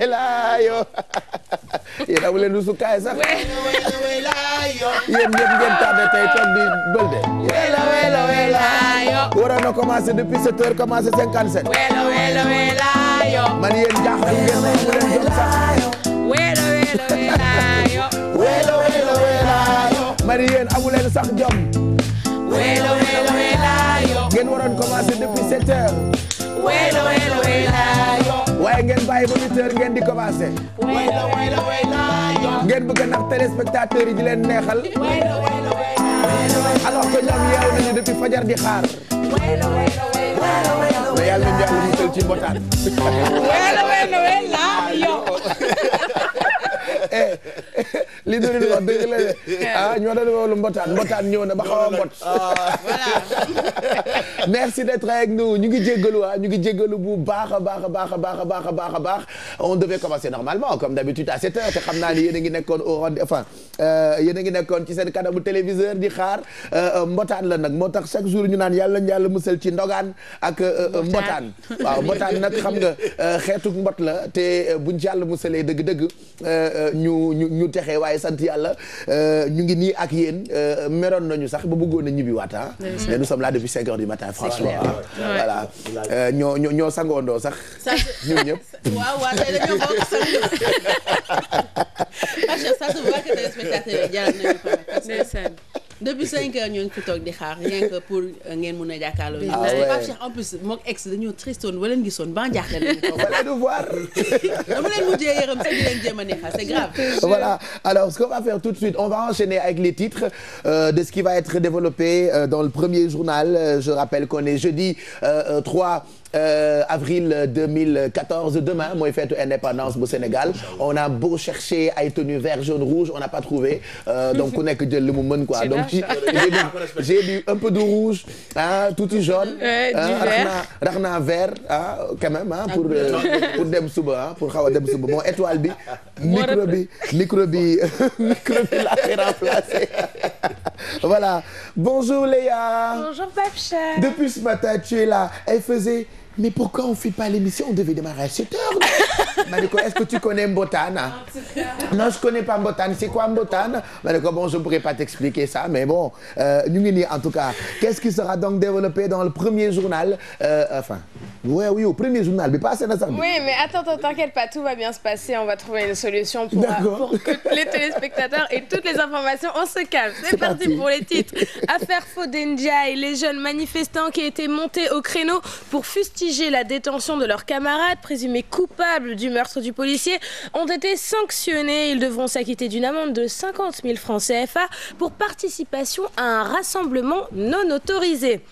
waylaayo yéen amu leen commencé depuis sept heures commencé cinquante sept. wayla wayla waylaayo. man yéen jaaxal sax. wayla wayla man yéen amu sax jom. wayla wayla waylaayo. ngeen waroon depuis sept ay ba huit heures ngeen di commencé. wayla wayla wayla ngeen bëgg a nax téléspectateurs yi di leen neexal. wayla wayla wayla alors que ñoom yeewu nañu depuis fajar di xaar. wayla wayla wayla wayla mais yàlla nañu yàlla musal ci mbotaan. wayla wayla wayla yo. Eh, eh, li doon nañu wax dëgg la ah ñoo doon wolu mbotaan mbotaan ñëw na ba xaw a mbot. Ah. merci d'être avec nous ñu ngi jéggalu ah ñu ngi jéggalu bu baax a baax a baax a baax a baax a baax on devait commencer normalement comme d'habitude à te xam naa ni ngi nekkoon au rendez enfin euh, yéen a ngi nekkoon ci seen kanamu téléviseur di xaar euh, mbotaan la nag moo tax chaque jour ñu naan yàlla yàlla musal ci ndogaan ak euh, mbotaan waaw mbotaan nag xam nga xeetu mbot la te buñ ci yàlla musalee dëgg-dëgg ñu ñu waaye sant yàlla euh, ñu ngi nii ak yéen euh, meroon nañu sax ba bëggoon a ñibbi waat ah. mais nous sommes là depuis 5 heures du matin franchement ah. voilà euh, ñoo sangoondoo sax. ñun ñëpp. depuis 5 heures ñoo ngi fi toog di xaar rien que pour euh, ngeen mun a jàkkaarloo. ah oui Pape Cheikh en plus moog ex dañoo tristoon wala leen gisoon ban jaaxle lañu ko. wala du voir. dama leen mujjee yërëm sax di leen c'est grave. voilà alors ce qu'on va faire tout de suite on va enchaîner avec les titres euh, de ce qui va être développé euh, dans le premier journal euh, je rappelle qu'on est jeudi euh, Euh, avril 2014 euh, demain mooy fêtu indépendance bu Sénégal on a beau chercher ay tenues vert jaune rouge on n'a pas trouvé euh, donc ku nekk jël li mu mën quoi donc j'ai du un peu de rouge ah tuuti jaune raxnaa raxnaa vert quand même pour euh, pour suba pour xaw a dem suba bon étoile bi micro bi la fait remplacer voilà bonjour Léa depuis ce matin tu es là elle faisait mais pourquoi on fait pas l'émission de démarrage cette heure ma ne ko est-ce que tu connais Mbotane non je connais pas Mbotane c'est quoi Mbotane ma ne ko bon je pourrais pas t'expliquer ça mais bon euh, ñu ngi nii en tout cas qu'est-ce qui sera donc développé dans le premier journal euh, enfin oui oui au premier journal bi passé na sax. oui mais attends attends t'inquiète pas tout va bien se passer on va trouver une solution. pour euh, pour que les téléspectateurs et toutes les informations on se calme. c'est parti pour les titres affaire Fodé Ndiaye les jeunes manifestants qui étaient montés au créneau pour fustiger la détention de leurs camarades présumés coupables du meurtre meurtre du policier ont été sanctionnés. Ils devront s'acquitter d'une amende de 50 000 francs CFA pour participation à un rassemblement non autorisé.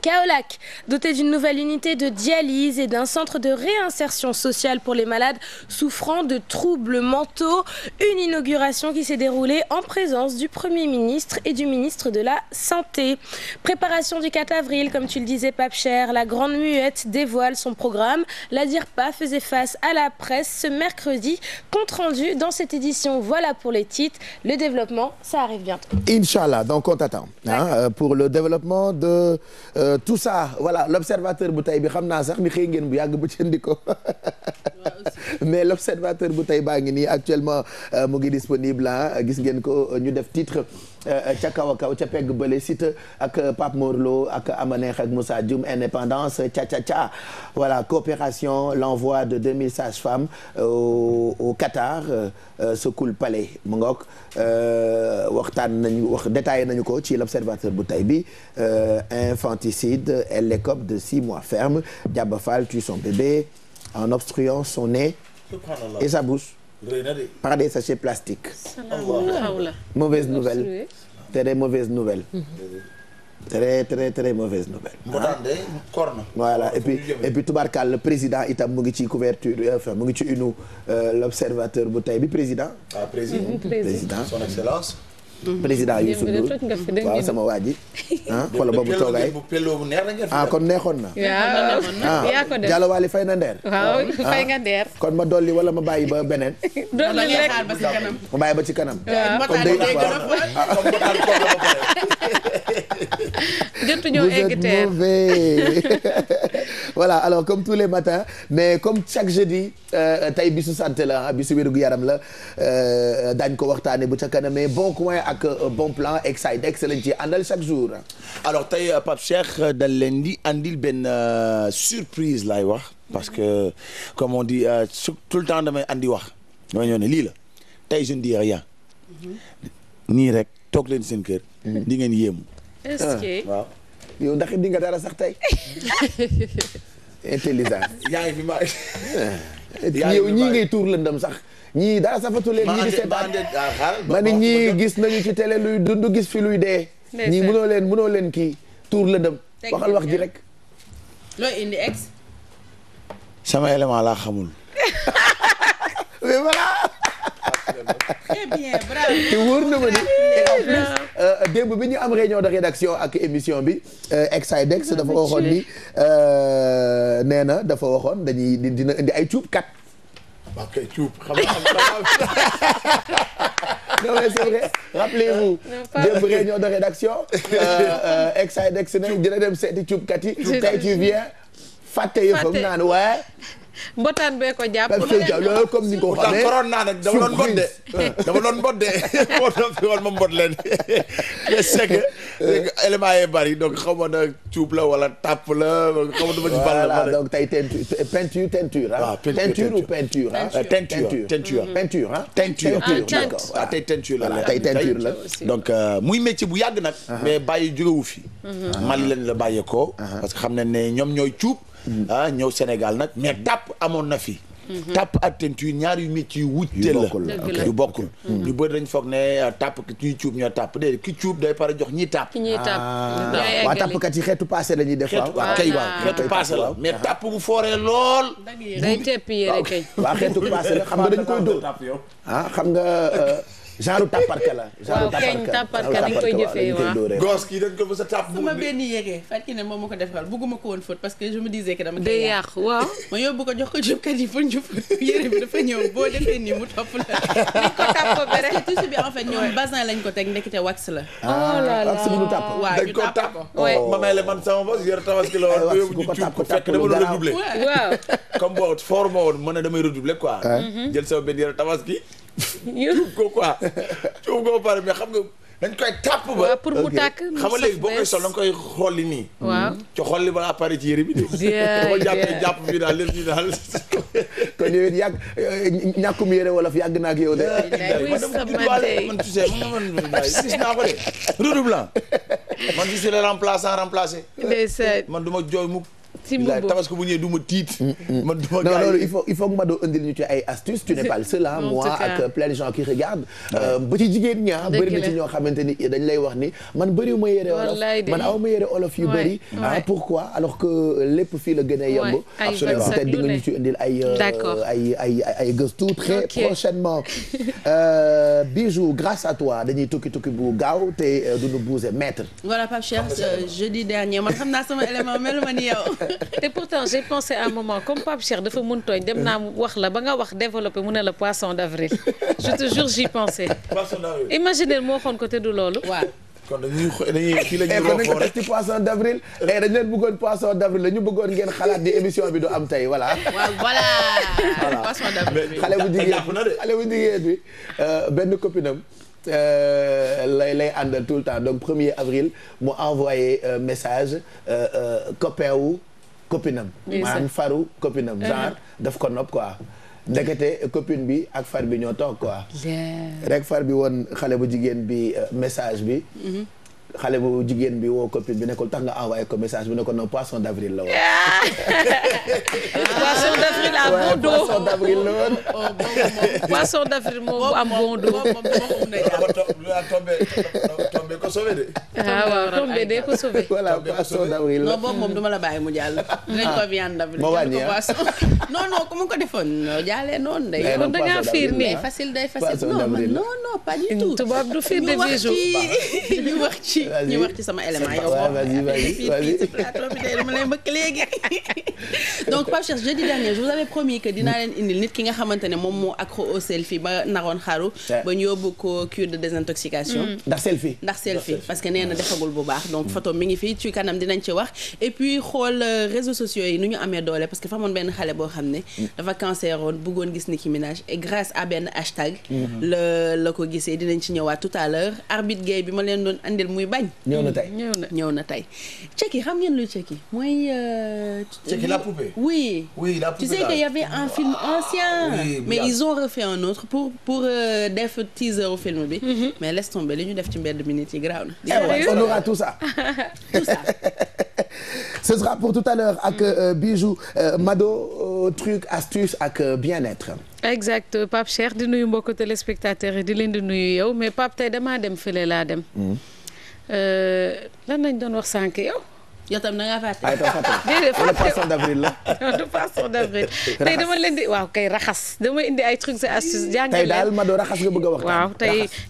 Kaolac, doté d'une nouvelle unité de dialyse et d'un centre de réinsertion sociale pour les malades souffrant de troubles mentaux, une inauguration qui s'est déroulée en présence du Premier ministre et du ministre de la Santé. Préparation du 4 avril, comme tu le disais Papcher, la Grande Muette dévoile son programme. La DIRPA faisait face à la presse ce mercredi, compte rendu dans cette édition. Voilà pour les titres, le développement, ça arrive bientôt. Euh, tout ça voilà l'observateur bu tey bi xam naa sax ni xëy ngeen bu yàgg bu cëndi ko mais l'observateur bu tey baa ngi nii actuellement euh, mu ngi disponible ah gis ngeen ko ñu def titre Euh, ca kaw a kaw ca pegg bële site ak euh, Pape Morlo ak Amaneex ak Moussa indépendance ca ca ca voilà coopération l'envoi de 2000 sages-femmes euh, au au Qatar Sokul Palais mu ngoog waxtaan wax détaillé nañu ko ci l'observateur bu tey bi infanticide elle l'écope de six mois ferme Diaba Fall tue son bébé en obstruant son nez et sa bouche par des sachets plastiques. mauvaise nouvelle. très mauvaise nouvelle. Mhm. très très très mauvaise nouvelle. Ah. corne. voilà et puis et puis tubarkal le président itam mu ngi ci couverture euh, enfin mu ngi ci une euh, l'observateur bu tey bi président. ah président président son excellence. Mhm. président Youssou Ndour waaw sama waaj ji ah xoolal boobu toogaay ah, kon neexoon na ah Diallo Waly fay na ndeer waaw fay nga ndeer ah, kon ma dolli wala ma bàyyi ba beneen dolli rek ma bàyyi ba ci kanam ah. jotu ñoo egg voilà alors comme tous les matins mais comme chaque jeudi euh, tey bisu santé la bisu wérgu yaram la euh, dañ ko waxtaane bu ca kanamee bon coin ak euh, bon plan Exidex lañ ci àndal chaque jour alors tey Pape Cheikh dañ leen di àndil benn surprise lay wax parce que comme on dit tout le temps damay andi wax damay ñëw ne lii la tey je ne dis rien mhm. nii rek toog leen seen kër mhm. di ngeen yéemu est yow ndax di nga dara sax tey intelligence. yaa ngi fi ma. yow ñii ngay tuur lëndëm sax. ñii dara safatu leen ñii di seetaan ma ne ñii gis nañu ci télé luy dund gis fi luy dee. ñii mënoo leen mënoo leen kii tuur lëndëm. waxal wax ji rek. loo indi ex. sama élément laa xamul. très bien bravo. na ma ni et euh, bi ñu am réunion de rédaction ak émission bi. Euh, Exidex dafa waxoon ni euh, nee na dafa waxoon dañuy dina indi ay cuubkat. waaw kay cuub xam rappelez-vous démb réunion de rédaction Exidex ne dina dem seeti cuubkat yi. tey tu viens fàtte yëfam waaye. mbotaan bee ko jàpp. loolu comme ni nga ko waxee koroon naa nag dama doon mbot de dama loon mbot de moo tax fi woon ma mbot leen mais c'est que éléments yi bari donc xaw ma nag cuub la wala tàpp la xaw ma dama ci bal la donc tey ah, peinture peinture ah peinture ou peinture ah teinture teinture mm-hmm. peinture ah teinture d'accord waaw ah, tey teinture la tey teinture la donc euh, muy métier bu yàgg nag uh-huh. mais bàyyi jógewu fi uh-huh. Mali lañ la bàyyeekoo uh-huh. parce que xam ne ne ñoom ñooy cuub mm-hmm. ah ñëw Sénégal nag mais tàpp amoon na fi tàpp ak teinture ñaar yu métier yu wujte la yu bokkul mm. ñu bëri dañ foog ne ah, tàpp ñuy cuub ñoo tàpp déedéet ki cuub day pare jox ñiy tàpp ah. waaw tàppkat yi xeetu passé la ñuy def waaw kay waaw la mais ah. tàpp bu fooree lool day tepp yére kay waaw xeetu passé la xam nga dañ koy dóor ah xam nga euh, genre tàpparka la. genre tàpparka dañ koy jëfee waaw gos kii dañ ko mos a tàpp bu bugguma ko woon fóot parce que je me dama koy yàq waaw ma yóbbu ko jox ko jubkat yi pour ñu yére bi dafa ñëw boo defee nii mu topp la nañ ko tàpp ba rek tissu bi en fait ñoom basin lañ ko teg ndekete wax la ah, oh wax bu ñu tàpp ko tàpp oh. ma may la man la woon yóbbu ñu cuub ko fekk dama doon redoubler waaw comme boo for ma woon mën na damay redoubler quoi ah. mhm. jël sama benn yor tabaski cuub ko ko pare mais xam nga dañ koy tàpp ba waaw pour mu tàkk xam nga léegi boo koy sol da nga koy xolli nii waaw ci xolli ba appareil ci yére bi de boo jàppee jàpp bi daal lépp ñu daal kon yow it yàgg euh, ñàkkum yére yàgg naa ak yow de man du ma jooy mukk si mbubu tabaski bu ñëwee du ma tiit. Mm, mm. man du ma non loolu il faut il faut que Mado indil ñu ci ay astuces. tu n'es pas le seul ah moi ak plein de gens qui regardent. Euh, ba ci jigéen ñaa ah, bëri na ci ñoo xamante ni dañ lay wax ni man bëriwu ma yére olof man aw ma yére olof yu bëri. ah pourquoi alors que lépp fii la gën a yomb. absolument peut-être di nga ñu ci indil ay. Euh, ay ay ay gëstu très prochainement. Euh, bijou grâce à toi dañuy tukki tukki bu gaaw te du nu buuse maître. voilà Pape Cheikh jeudi dernier man xam naa sama élément melu ma ni yow. te pourtant j'ai pensé à un moment comme Pape Cheikh dafa mun tooñ dem naa wax la ba nga wax développé mu ne la poisson d'avril je te jure j'y pensais. poisson d'avril imaginer moo xoon ko te du loolu waaw. kon dañuy dañuy eh, fii la ñuy waxoon kon ci d' avril. Eh, dañu leen bëggoon poisson d' avril la ñu bëggoon ngeen xalaat di émission bi du am tey voilà. waaw voilà. poisson d' euh, benn copine am euh, lay lay àndal tout le temps donc premier avril mu envoyé euh, message copain copinam maanaam faru copinam genre daf ko nopp quoi ndekete copine bi ak far bi ñoo toog quoi rek far bi woon xale bu jigéen bi message bi xale bu jigéen bi woo copine bi ne ko tax nga envoyé ko message bi ne ko non poisson d' avril la woon. poisson d' la woon. bu am bon dos. ko sauvé de. ah waaw tombé de ko sauvé. voilà poisson d'avril la. non boobu moom duma la bàyyi mu jàll. dinañ ah. ko viande d'avril. moo wàññi ah non non ku mu ko defoon jàllee noonu day. kon eh, da ngaa fiir nii ah. facile day facile. non non non pas du tout. tubaab du fiir de bijou. ñu wax ci ñu wax ci sama élément yow. waaw vas-y vas-y vas-y ci plateau bi dama lay mbëkk léegi. donc Pape Cheikh jeudi dernier je vous avais promis que dinaa leen indil nit ki nga xamante ne moom moo accro au selfie ba naroon xaru. ba ñu yóbbu ko cure de désintoxication. ndax selfie ndax selfie. selfie parce que nee na defagul bu baax donc photo mi ngi ci kanam dinañ ci wax et euh, réseaux sociaux yi nu ñu amee doole parce que benn xale boo xam ne dafa cancéroon bëggoon gis Nicki Minaj et grâce à benn hashtag mhm. la la ko gisee dinañ ci ñëwaat tout bi ma leen doon andil muy na tey ñëw na tey Ceki xam ngeen euh, la poupée oui oui la poupée tu sais que y avait un film ancien mais ils ont refait un autre pour pour euh, def film bi mhm. mais laisse tomber li ñu def ci mbedd minute graaw eh na. on aura tout sera pour tout à l'heure ak mm. euh, bijou euh, mado euh, truc astuce ak euh, bien-être. exact Pape Cheikh di nuyu mbokk téléspectateurs yi di leen di nuyu yow mais Pape tey damaa dem fële laa dem. Mm. Euh, lan lañ doon wax sànq yow. yow tam na ngaa fàtte. waaye ah, itam fàtte déedéet fàtte wala poisson dama leen di waaw kay raxas dama indi ay trucs et astuces. jàngal leen tey daal ma doo raxas nga bëgg a wax.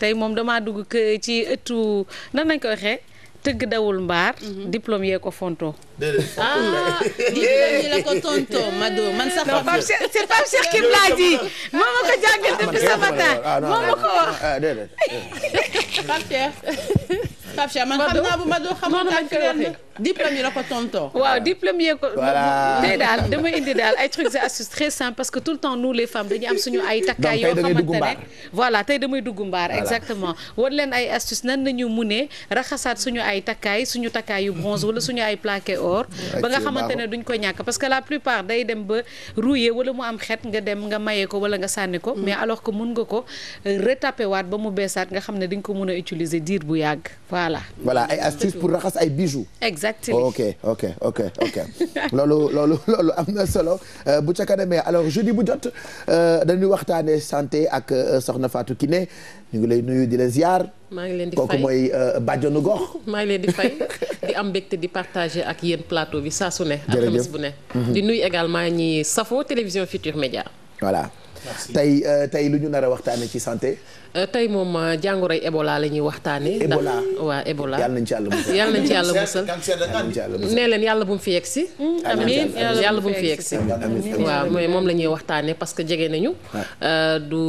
tey moom damaa dugg ci ëttu nan nañ ko waxee. tëgg dawul mbaar. Mhm. diplôme yee ko fonto ah la ko tontoo Mado man sax. non Pape Cheikh c'est ma ko ah, man xam naa bu Mado xamul ak diplôme yi la ko tontoo. waaw diplôme yee ko. voilà tey daal dama indi daal ay trucs et astuces très simples parce que tout le temps nous les femmes dañu am suñu ay takkaay yoo xamante ne ay astuces nan suñu ay takkaay suñu takkaay wala suñu ay plaqué or ba nga xamante ne duñ ko ñàkk parce que la plupart day dem ba rouillé wala mu am xet nga dem nga mayee ko wala nga sànni ko mm. mais alors que mun nga ko euh, retaper waat ba mu beesaat nga xam ne dañ ko mun a utiliser diir bu yàgg voilà voilà ay astuces pour raxas ay bijoux exactement oh, ok ok ok ok loolu loolu loolu am na solo euh, bu ca kanam alors jeudi bu jot euh, dañuy waxtaanee santé ak euh, soxna Fatou ne ñu ngi lay nuyu di la ziar. maa ngi leen di fay kooku mooy bàjjenu gox. maa ngi leen di fay di am mbégte di partager ak yéen plateau bi saa su ne. alxames bu ne. Mhm. di nuyu également ñi safo télévision Futur Média. tey euh, tey lu ñu nar a waxtaane ci santé euh, tey moom euh, jàngoroy ébola la ñuy waxtaane Ebola waa Ebola yàlla na ci yàlla musal yàlla nañ ci yàlla musal nee leen yàlla bu mu fi yegg si hmm, amiin yàlla bu mu fi yegg si waaw moom la ñuy waxtaane parce que jege nañu du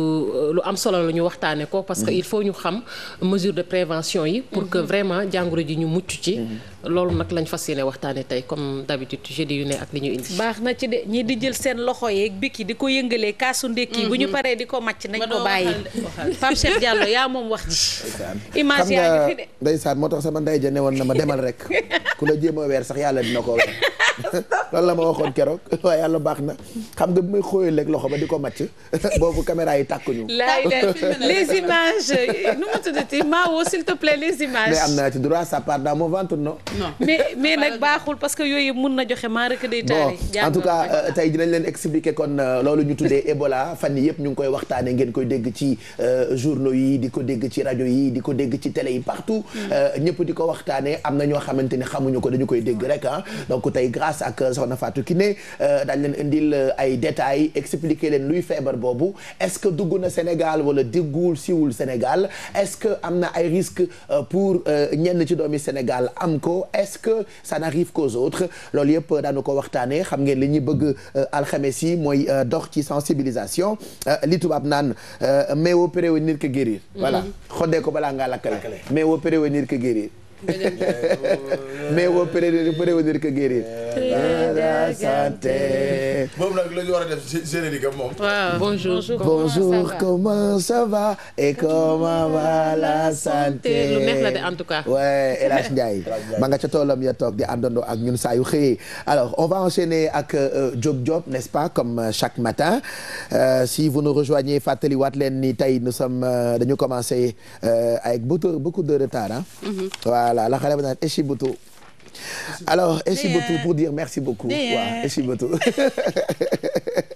lu am solo la ñu waxtaane ko parce que hmm. il faut ñu xam mesure de prévention yi pour que hmm. vraiment jàngoro ji ñu mucc ci loolu nag lañ fas yéene waxtaanee tey comme d'habitude jeudi yu ne ak li ñu indi. baax na ci de ñii di jël seen loxo yeeg biki di ko yëngalee kaasu ndekki. bu ñu mhm. paree di ko màcc nañ ko bàyyi. Pape Cheikh Diallo yaa moom wax ji. image yaa ngi fi de. ndeysaan moo tax sama ndey ja woon na ma demal rek ku la jéem a sax yàlla dina ko loolu la ma waxoon keroog waaye yàlla baax na xam nga bu may xooyee léeg loxo ba di ko màcc boobu caméra yi tàkkuñu. laay les images nu mu tuddati Mawo s'il te plaît am naa ci droit ça part dans mon ventre non. non mais mais nag baaxul parce que yooyu mun na joxe maa rek day taari en tout cas euh, tey dinañ leen expliquer kon euh, loolu ñu tuddee Ebola fan yii yëpp ñu ngi koy waxtaanee ngeen koy dégg ci euh, journaux yi di ko dégg ci rajo yi di ko dégg ci télé yi partout. Mm. ñëpp di ko waxtaanee am na ñoo xamante ni xamuñu ko dañu koy dégg rek ah. Mm. donc tey grâce ak Soxna ki Kiné dañ leen indil ay détails expliquer leen luy feebar boobu est-ce que dugg na Sénégal wala diggul siwul Sénégal est-ce que am na ay risques pour ñenn ci doomi Sénégal am ko. yow est-ce que ça n'arrive qu'aux autres loolu yëpp euh, daanu ko waxtaanee xam ngeen li ñuy bëgg euh, alxames yi mooy euh, dox ci sensibilisation li tubaab naan mais woo prévenir que guérir voilà mm-hmm. xoddee ko balaa ngaa lakkale mais woo prévenir que guérir mais woo prévenir prévenir que guérir. de tout cas. waaye El nga ca toolam ya toog di àndandoo ak ñun saa yu xëyee. alors on va enchaîner ak euh, Diop Diop n'est-ce pas comme euh, chaque matin euh, si vous nous rejoignez fàttaliwaat leen ni tey nous sommes dañu commencé avec beaucoup beaucoup de retard ah. voilà la xale ba naan Echiboto alors Echiboto pour dire merci beaucoup waaw Echiboto